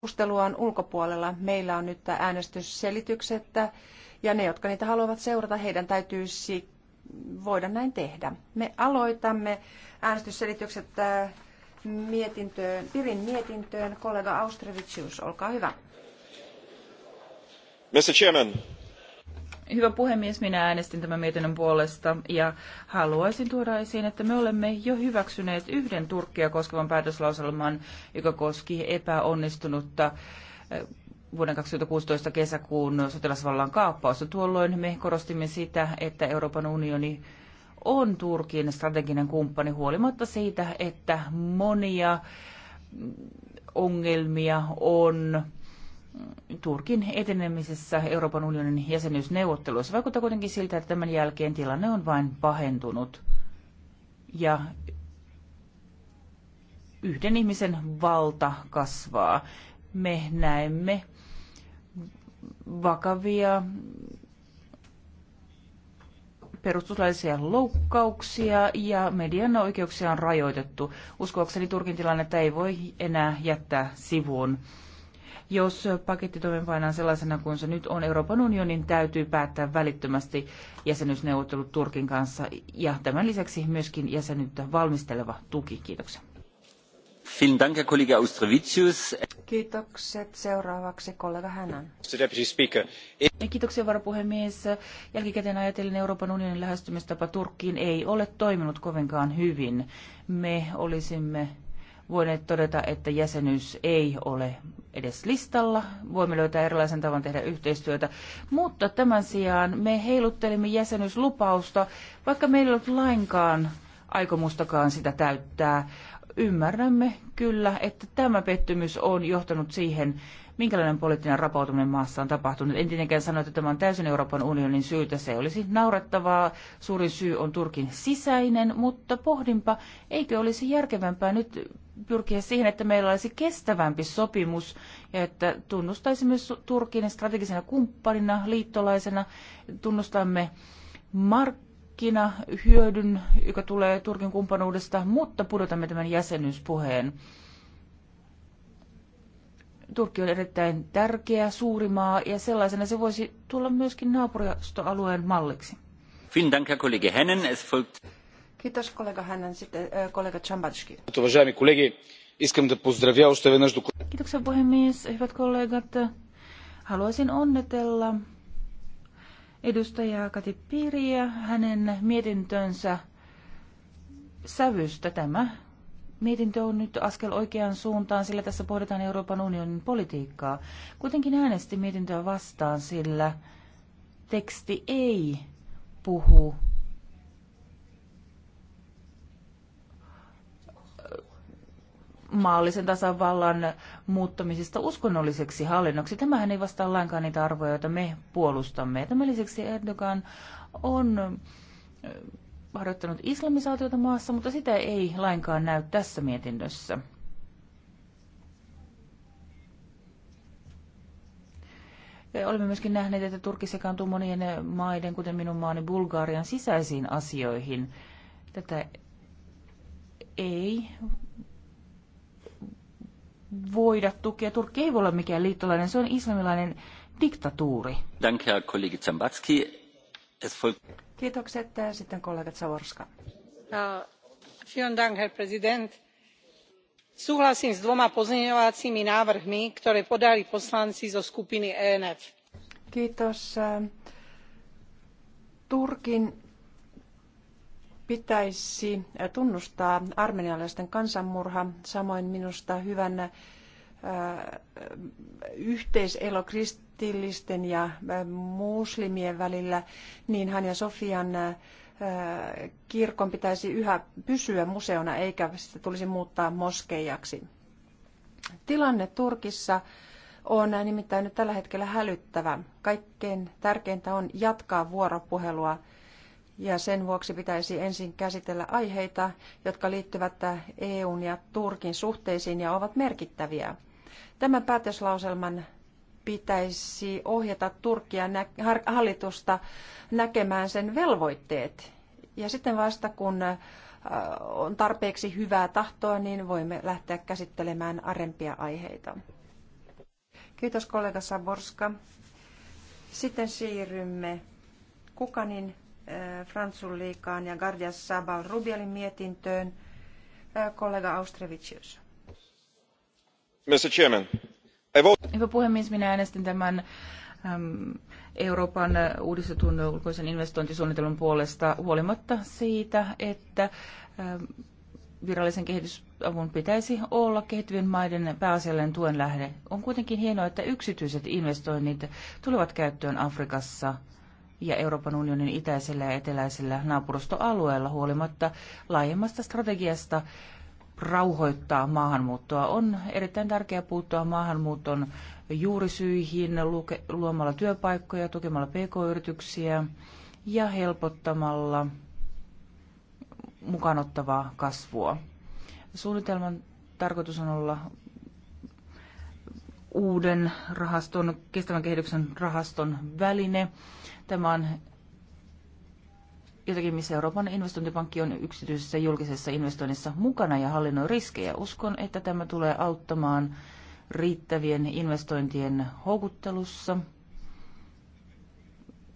keskustelua on ulkopuolella. Meillä on nyt äänestysselitykset ja ne, jotka niitä haluavat seurata, heidän täytyisi voida näin tehdä. Me aloitamme äänestysselitykset äh, mietintöön, Pirin mietintöön. Kollega Austrevicius, olkaa hyvä. Mr. Chairman, Hyvä puhemies, minä äänestin tämän mietinnön puolesta ja haluaisin tuoda esiin, että me olemme jo hyväksyneet yhden Turkkia koskevan päätöslauselman, joka koski epäonnistunutta vuoden 2016 kesäkuun sotilasvallan kaappausta. Tuolloin me korostimme sitä, että Euroopan unioni on Turkin strateginen kumppani huolimatta siitä, että monia ongelmia on Turkin etenemisessä Euroopan unionin jäsenyysneuvotteluissa. Vaikuttaa kuitenkin siltä, että tämän jälkeen tilanne on vain pahentunut. Ja yhden ihmisen valta kasvaa. Me näemme vakavia perustuslaillisia loukkauksia ja median oikeuksia on rajoitettu. Uskoakseni Turkin tilannetta ei voi enää jättää sivuun. Jos paketti toimeenpainaan sellaisena kuin se nyt on, Euroopan unionin täytyy päättää välittömästi jäsenyysneuvottelut Turkin kanssa ja tämän lisäksi myöskin jäsenyyttä valmisteleva tuki. Kiitoksia. Kiitokset. Seuraavaksi kollega Hänän. Kiitoksia varapuhemies. Jälkikäteen ajatellen Euroopan unionin lähestymistapa Turkkiin ei ole toiminut kovinkaan hyvin. Me olisimme voineet todeta, että jäsenyys ei ole edes listalla. Voimme löytää erilaisen tavan tehdä yhteistyötä, mutta tämän sijaan me heiluttelimme jäsenyyslupausta, vaikka meillä ei ollut lainkaan aikomustakaan sitä täyttää. Ymmärrämme kyllä, että tämä pettymys on johtanut siihen, minkälainen poliittinen rapautuminen maassa on tapahtunut. En tietenkään sano, että tämä on täysin Euroopan unionin syytä. Se olisi naurettavaa. Suurin syy on Turkin sisäinen, mutta pohdinpa, eikö olisi järkevämpää nyt pyrkiä siihen, että meillä olisi kestävämpi sopimus ja että tunnustaisimme Turkin strategisena kumppanina, liittolaisena, tunnustamme markkinahyödyn, joka tulee Turkin kumppanuudesta, mutta pudotamme tämän jäsenyyspuheen Turkki on erittäin tärkeä, suuri maa ja sellaisena se voisi tulla myöskin naapuristoalueen malliksi. Dank, Herr Kollege Hennen. Es folgt... Kiitos kollega Hänen. Sitten äh, kollega Czambatski. Уважаеми колеги, искам да поздравя още веднъж до... Kiitoksia puhemies, hyvät kollegat. Haluaisin onnitella edustajaa Kati Piiriä hänen mietintönsä sävystä. Tämä Mietintö on nyt askel oikeaan suuntaan, sillä tässä pohditaan Euroopan unionin politiikkaa. Kuitenkin äänesti mietintöä vastaan, sillä teksti ei puhu maallisen tasavallan muuttamisesta uskonnolliseksi hallinnoksi. Tämähän ei vastaa lainkaan niitä arvoja, joita me puolustamme. Tämän lisäksi Erdogan on harjoittanut islamisaatiota maassa, mutta sitä ei lainkaan näy tässä mietinnössä. Olemme myöskin nähneet, että Turkki sekaantuu monien maiden, kuten minun maani Bulgarian, sisäisiin asioihin. Tätä ei voida tukea. Turkki ei voi olla mikään liittolainen, se on islamilainen diktatuuri. Danke, Herr Kollege Zambatski. Es folgt... Kiitokset. Sitten kollegat Savorska. Herr Präsident. Súhlasím s dvoma pozmeňovacími návrhmi, ktoré podali poslanci zo skupiny ENF. Kiitos. Turkin pitäisi tunnustaa armenialaisten kansanmurha, samoin minusta hyvänä yhteiselo krist, kristillisten ja äh, muslimien välillä, niin hän ja Sofian äh, kirkon pitäisi yhä pysyä museona eikä sitä tulisi muuttaa moskeijaksi. Tilanne Turkissa on nimittäin nyt tällä hetkellä hälyttävä. Kaikkein tärkeintä on jatkaa vuoropuhelua ja sen vuoksi pitäisi ensin käsitellä aiheita, jotka liittyvät äh, EUn ja Turkin suhteisiin ja ovat merkittäviä. Tämän päätöslauselman pitäisi ohjata Turkia hallitusta näkemään sen velvoitteet. Ja sitten vasta kun äh, on tarpeeksi hyvää tahtoa, niin voimme lähteä käsittelemään arempia aiheita. Kiitos kollega Saborska. Sitten siirrymme Kukanin, äh, Fransun ja Gardias Sabal Rubialin mietintöön. Äh, kollega Austrevicius. Mr. Chairman, Hyvä puhemies, minä äänestin tämän Euroopan uudistetun ulkoisen investointisuunnitelman puolesta huolimatta siitä, että virallisen kehitysavun pitäisi olla kehittyvien maiden pääasiallinen tuen lähde. On kuitenkin hienoa, että yksityiset investoinnit tulevat käyttöön Afrikassa ja Euroopan unionin itäisellä ja eteläisellä naapurustoalueella huolimatta laajemmasta strategiasta rauhoittaa maahanmuuttoa. On erittäin tärkeää puuttua maahanmuuton juurisyihin luomalla työpaikkoja, tukemalla pk-yrityksiä ja helpottamalla mukaanottavaa kasvua. Suunnitelman tarkoitus on olla uuden rahaston, kestävän kehityksen rahaston väline. Tämä on jotakin, missä Euroopan investointipankki on yksityisessä julkisessa investoinnissa mukana ja hallinnoi riskejä. Uskon, että tämä tulee auttamaan riittävien investointien houkuttelussa.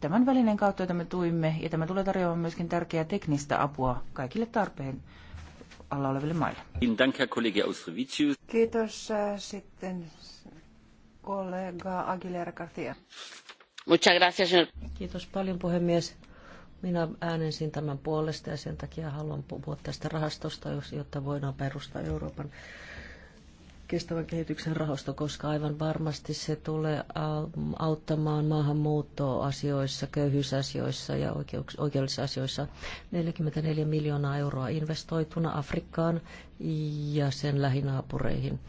Tämän välinen kautta, jota me tuimme, ja tämä tulee tarjoamaan myöskin tärkeää teknistä apua kaikille tarpeen alla oleville maille. Kiitos äh, sitten kollega Aguilera Garcia. Kiitos paljon puhemies minä äänensin tämän puolesta ja sen takia haluan puhua tästä rahastosta, jotta voidaan perustaa Euroopan kestävän kehityksen rahasto, koska aivan varmasti se tulee auttamaan maahanmuuttoa asioissa, köyhyysasioissa ja oikeudellisissa asioissa. 44 miljoonaa euroa investoituna Afrikkaan ja sen lähinaapureihin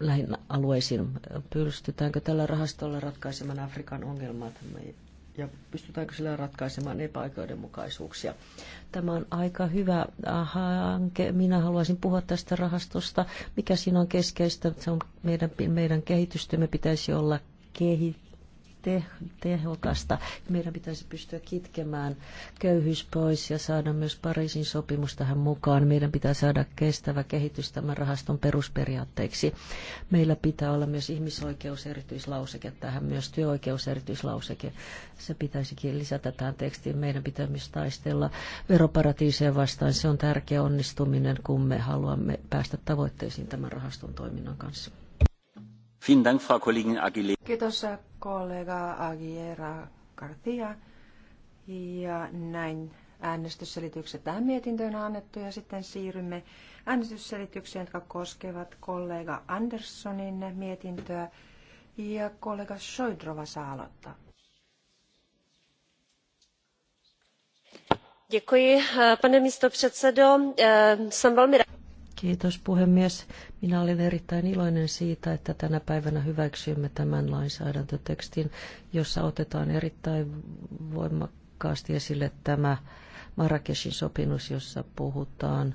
lähin alueisiin. Pystytäänkö tällä rahastolla ratkaisemaan Afrikan ongelmat? ja pystytäänkö sillä ratkaisemaan epäoikeudenmukaisuuksia. Tämä on aika hyvä äh, hanke. Minä haluaisin puhua tästä rahastosta. Mikä siinä on keskeistä? Se on meidän, meidän kehitystymme pitäisi olla kehi, te- tehokasta. Meidän pitäisi pystyä kitkemään köyhyys pois ja saada myös Pariisin sopimus tähän mukaan. Meidän pitää saada kestävä kehitys tämän rahaston perusperiaatteiksi. Meillä pitää olla myös ihmisoikeuserityislauseke tähän, myös työoikeuserityislauseke. Se pitäisikin lisätä tähän tekstiin. Meidän pitää myös taistella veroparatiiseja vastaan. Se on tärkeä onnistuminen, kun me haluamme päästä tavoitteisiin tämän rahaston toiminnan kanssa. Kiitos kollega Aguilera Garcia. Ja näin äänestysselitykset tähän mietintöön on annettu ja sitten siirrymme äänestysselitykseen, jotka koskevat kollega Anderssonin mietintöä ja kollega Soidrova saa aloittaa. Děkuji, pane místopředsedo. Eh, jsem velmi Kiitos puhemies. Minä olen erittäin iloinen siitä, että tänä päivänä hyväksymme tämän lainsäädäntötekstin, jossa otetaan erittäin voimakkaasti esille tämä Marrakeshin sopimus, jossa puhutaan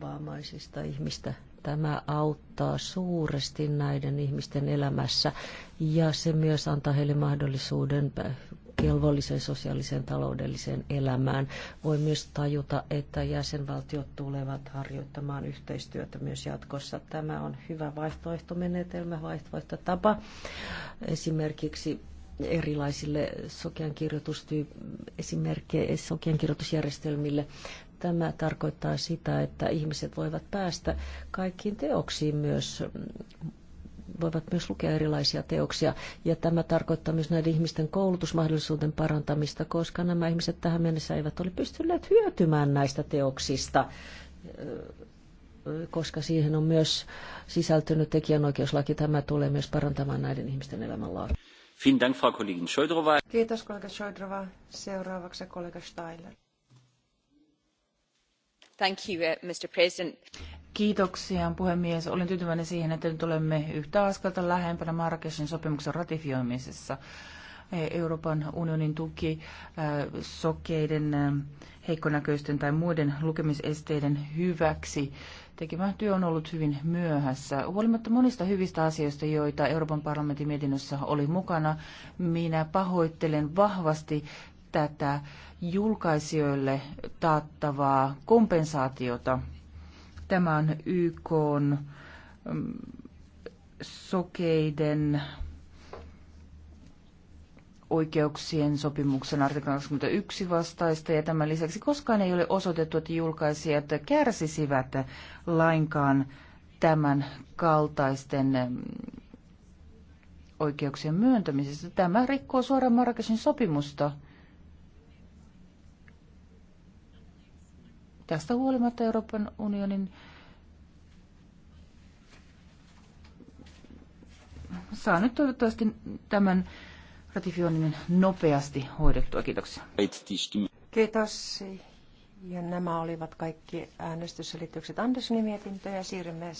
vammaisista ihmistä. Tämä auttaa suuresti näiden ihmisten elämässä ja se myös antaa heille mahdollisuuden kelvolliseen sosiaaliseen taloudelliseen elämään. Voi myös tajuta, että jäsenvaltiot tulevat harjoittamaan yhteistyötä myös jatkossa. Tämä on hyvä vaihtoehtomenetelmä, vaihtoehtotapa. Esimerkiksi erilaisille sokeankirjoitusjärjestelmille. Tämä tarkoittaa sitä, että ihmiset voivat päästä kaikkiin teoksiin myös voivat myös lukea erilaisia teoksia. Ja tämä tarkoittaa myös näiden ihmisten koulutusmahdollisuuden parantamista, koska nämä ihmiset tähän mennessä eivät ole pystyneet hyötymään näistä teoksista koska siihen on myös sisältynyt tekijänoikeuslaki. Tämä tulee myös parantamaan näiden ihmisten elämänlaatua. Kiitos kollega Šojdrova. Seuraavaksi kollega Steiner. Thank you, uh, Mr. President. Kiitoksia puhemies. Olen tyytyväinen siihen, että nyt olemme yhtä askelta lähempänä Marrakeshin sopimuksen ratifioimisessa. Euroopan unionin tuki äh, sokeiden, äh, heikkonäköisten tai muiden lukemisesteiden hyväksi tekemä työ on ollut hyvin myöhässä. Huolimatta monista hyvistä asioista, joita Euroopan parlamentin mietinnössä oli mukana, minä pahoittelen vahvasti tätä julkaisijoille taattavaa kompensaatiota – Tämä on YK mm, sokeiden oikeuksien sopimuksen artikla 21 vastaista ja tämän lisäksi koskaan ei ole osoitettu, että julkaisijat kärsisivät lainkaan tämän kaltaisten mm, oikeuksien myöntämisestä. Tämä rikkoo suoraan Marrakeshin sopimusta. Tästä huolimatta Euroopan unionin saa nyt toivottavasti tämän ratifioinnin nopeasti hoidettua. Kiitoksia. Kiitos. Ja nämä olivat kaikki äänestysselitykset Anderssonin mietintöön ja siirrymme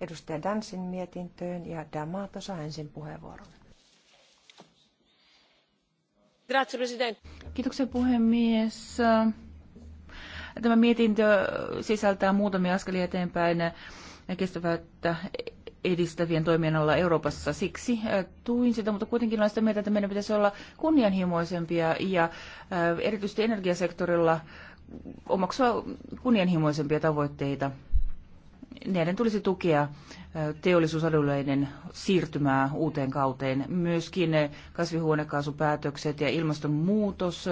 edustaja Dansin mietintöön ja Dama saa ensin puheenvuoron. Kiitoksia puhemies. Tämä mietintö sisältää muutamia askelia eteenpäin kestävyyttä edistävien toimien olla Euroopassa. Siksi äh, tuin sitä, mutta kuitenkin olen sitä mieltä, että meidän pitäisi olla kunnianhimoisempia ja äh, erityisesti energiasektorilla omaksua kunnianhimoisempia tavoitteita. Näiden tulisi tukea äh, teollisuusalueiden siirtymää uuteen kauteen. Myöskin kasvihuonekaasupäätökset ja ilmastonmuutos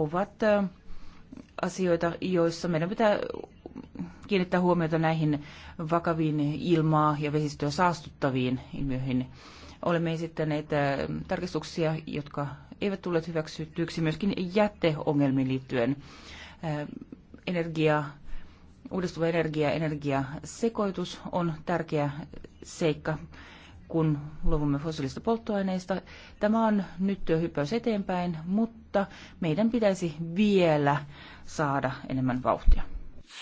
ovat asioita, joissa meidän pitää kiinnittää huomiota näihin vakaviin ilmaa ja vesistöä saastuttaviin ilmiöihin. Olemme esittäneet tarkistuksia, jotka eivät tulleet hyväksytyksi myöskin jätteongelmiin liittyen. Energia, uudistuva energia energiasekoitus on tärkeä seikka kun luovumme fossiilista polttoaineista. Tämä on nyt hyppäys eteenpäin, mutta meidän pitäisi vielä saada enemmän vauhtia.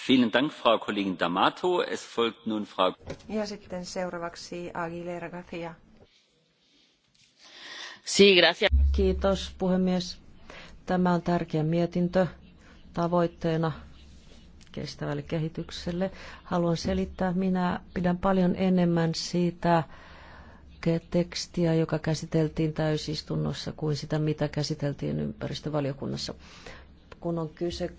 Vielen Dank, Frau Kollegin D'Amato. Es folgt nun Frau... Ja sitten seuraavaksi Aguilera Garcia. Sí, gracias. Kiitos, puhemies. Tämä on tärkeä mietintö tavoitteena kestävälle kehitykselle. Haluan selittää, minä pidän paljon enemmän siitä, tekstiä, joka käsiteltiin täysistunnossa, kuin sitä, mitä käsiteltiin ympäristövaliokunnassa. Kun on kyse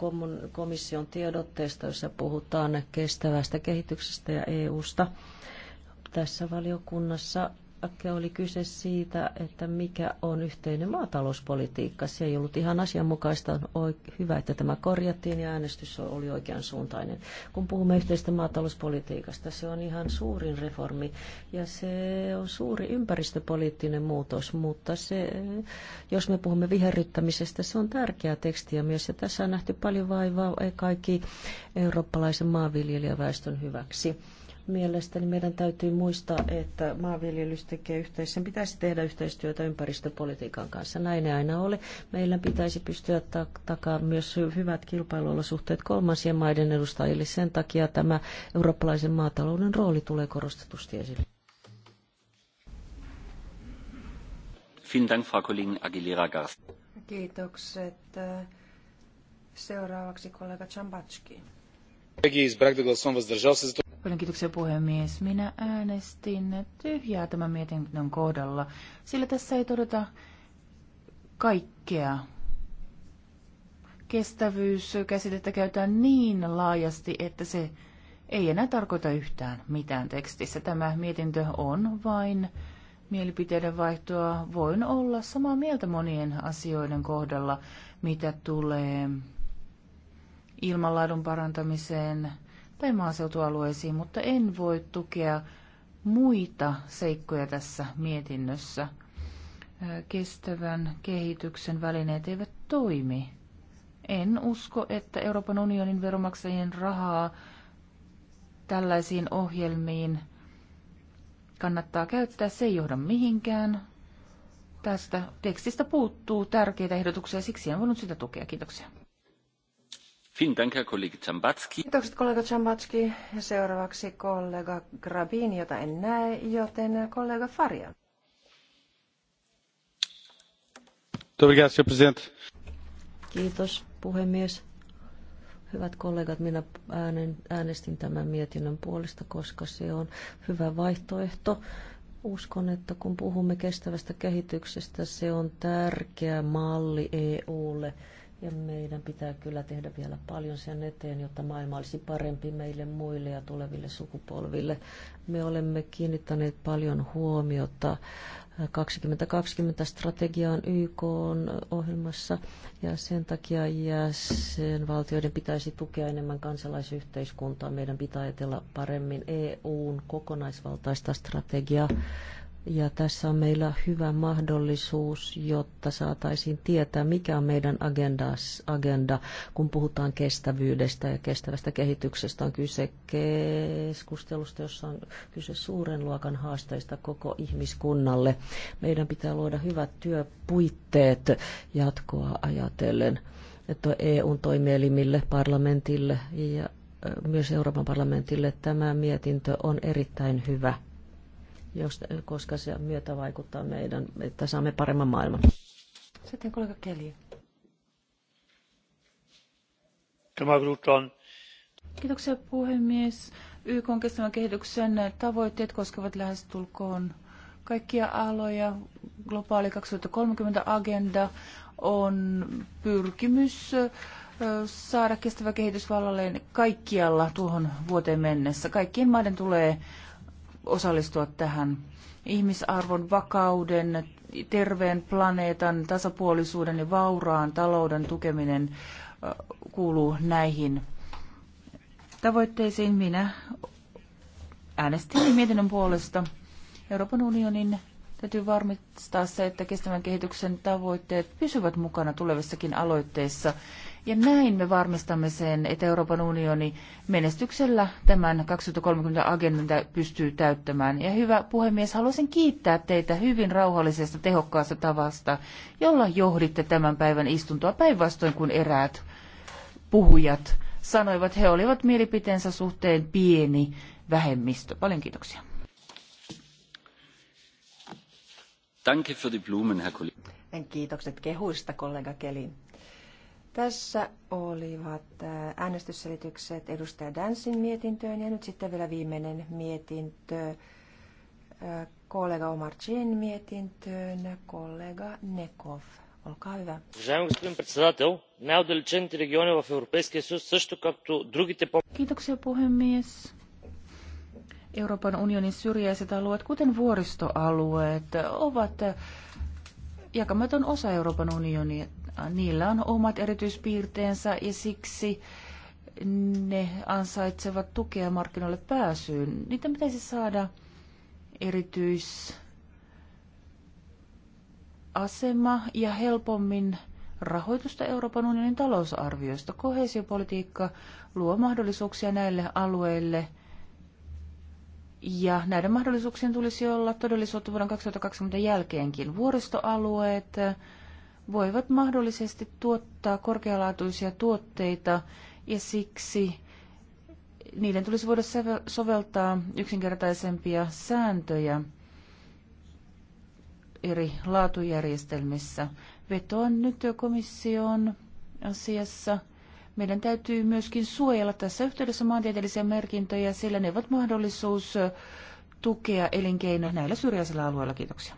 komission tiedotteesta, jossa puhutaan kestävästä kehityksestä ja EUsta, tässä valiokunnassa Rappakke oli kyse siitä, että mikä on yhteinen maatalouspolitiikka. Se ei ollut ihan asianmukaista. On hyvä, että tämä korjattiin ja äänestys oli oikean suuntainen. Kun puhumme yhteisestä maatalouspolitiikasta, se on ihan suurin reformi ja se on suuri ympäristöpoliittinen muutos, mutta se, jos me puhumme viherryttämisestä, se on tärkeä ja myös ja tässä on nähty paljon vaivaa kaikki eurooppalaisen maanviljelijäväestön hyväksi Mielestäni meidän täytyy muistaa, että maanviljelys tekee yhteis- sen pitäisi tehdä yhteistyötä ympäristöpolitiikan kanssa. Näin ei aina ole. Meillä pitäisi pystyä takaamaan takaa myös hyvät kilpailuolosuhteet kolmansien maiden edustajille. Sen takia tämä eurooppalaisen maatalouden rooli tulee korostetusti esille. Kiitokset. Seuraavaksi kollega Chambatski. Kolegi, izbrak, da glasovanje vzdržal se, zato Paljon kiitoksia puhemies. Minä äänestin tyhjää tämän mietinnön kohdalla, sillä tässä ei todeta kaikkea. Kestävyys käsitettä käytetään niin laajasti, että se ei enää tarkoita yhtään mitään tekstissä. Tämä mietintö on vain mielipiteiden vaihtoa. Voin olla samaa mieltä monien asioiden kohdalla, mitä tulee ilmanlaadun parantamiseen – tai maaseutualueisiin, mutta en voi tukea muita seikkoja tässä mietinnössä. Kestävän kehityksen välineet eivät toimi. En usko, että Euroopan unionin veromaksajien rahaa tällaisiin ohjelmiin kannattaa käyttää. Se ei johda mihinkään. Tästä tekstistä puuttuu tärkeitä ehdotuksia, siksi en voinut sitä tukea. Kiitoksia. Kiitokset kollega Chambatski. Ja seuraavaksi kollega Grabin, jota en näe, joten kollega Faria. Kiitos puhemies. Hyvät kollegat, minä äänestin tämän mietinnön puolesta, koska se on hyvä vaihtoehto. Uskon, että kun puhumme kestävästä kehityksestä, se on tärkeä malli EUlle. Ja meidän pitää kyllä tehdä vielä paljon sen eteen, jotta maailma olisi parempi meille muille ja tuleville sukupolville. Me olemme kiinnittäneet paljon huomiota 2020 strategiaan YK on ohjelmassa ja sen takia jäsenvaltioiden pitäisi tukea enemmän kansalaisyhteiskuntaa. Meidän pitää ajatella paremmin EUn kokonaisvaltaista strategiaa ja tässä on meillä hyvä mahdollisuus, jotta saataisiin tietää, mikä on meidän agendas, agenda, kun puhutaan kestävyydestä ja kestävästä kehityksestä. On kyse keskustelusta, jossa on kyse suuren luokan haasteista koko ihmiskunnalle. Meidän pitää luoda hyvät työpuitteet jatkoa ajatellen että EUn toimielimille, parlamentille ja myös Euroopan parlamentille tämä mietintö on erittäin hyvä koska se myötä vaikuttaa meidän, että saamme paremman maailman. Sitten kollega Keli. Kiitoksia puhemies. YK on kestävän kehityksen tavoitteet koskevat lähestulkoon kaikkia aloja. Globaali 2030-agenda on pyrkimys saada kestävä kehitys vallalleen kaikkialla tuohon vuoteen mennessä. Kaikkien maiden tulee osallistua tähän ihmisarvon, vakauden, terveen planeetan, tasapuolisuuden ja vauraan talouden tukeminen kuuluu näihin tavoitteisiin. Minä äänestin mietinnön puolesta. Euroopan unionin täytyy varmistaa se, että kestävän kehityksen tavoitteet pysyvät mukana tulevissakin aloitteissa ja näin me varmistamme sen, että Euroopan unioni menestyksellä tämän 2030 agendan pystyy täyttämään. Ja hyvä puhemies, haluaisin kiittää teitä hyvin rauhallisesta, tehokkaasta tavasta, jolla johditte tämän päivän istuntoa päinvastoin kuin eräät puhujat sanoivat. He olivat mielipiteensä suhteen pieni vähemmistö. Paljon kiitoksia. Danke für die Blumen, Herr Kollege. Kiitokset kehuista, kollega Keli. Tässä olivat äh, äänestysselitykset edustaja Dansin mietintöön ja nyt sitten vielä viimeinen mietintö äh, kollega Chin mietintöön kollega Nekov. Olkaa hyvä. Kiitoksia puhemies. Euroopan unionin syrjäiset alueet, kuten vuoristoalueet, ovat äh, jakamaton osa Euroopan unionia niillä on omat erityispiirteensä ja siksi ne ansaitsevat tukea markkinoille pääsyyn. Niitä pitäisi saada erityisasema ja helpommin rahoitusta Euroopan unionin talousarviosta. Kohesiopolitiikka luo mahdollisuuksia näille alueille ja näiden mahdollisuuksien tulisi olla todellisuutta vuoden 2020 jälkeenkin. Vuoristoalueet, voivat mahdollisesti tuottaa korkealaatuisia tuotteita ja siksi niiden tulisi voida soveltaa yksinkertaisempia sääntöjä eri laatujärjestelmissä. Vetoan nyt komission asiassa. Meidän täytyy myöskin suojella tässä yhteydessä maantieteellisiä merkintöjä, sillä ne ovat mahdollisuus tukea elinkeinoja näillä syrjäisillä alueilla. Kiitoksia.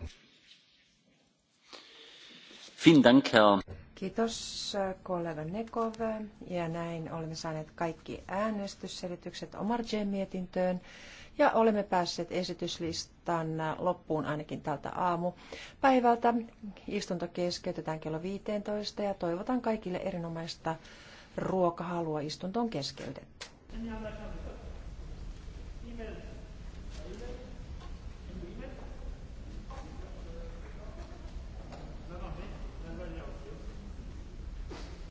Kiitos kollega Nekov. Ja näin olemme saaneet kaikki äänestysselitykset Omar mietintöön ja olemme päässeet esityslistan loppuun ainakin tältä aamupäivältä. Istunto keskeytetään kello 15 ja toivotan kaikille erinomaista ruokahalua. Istunto on keskeytetty.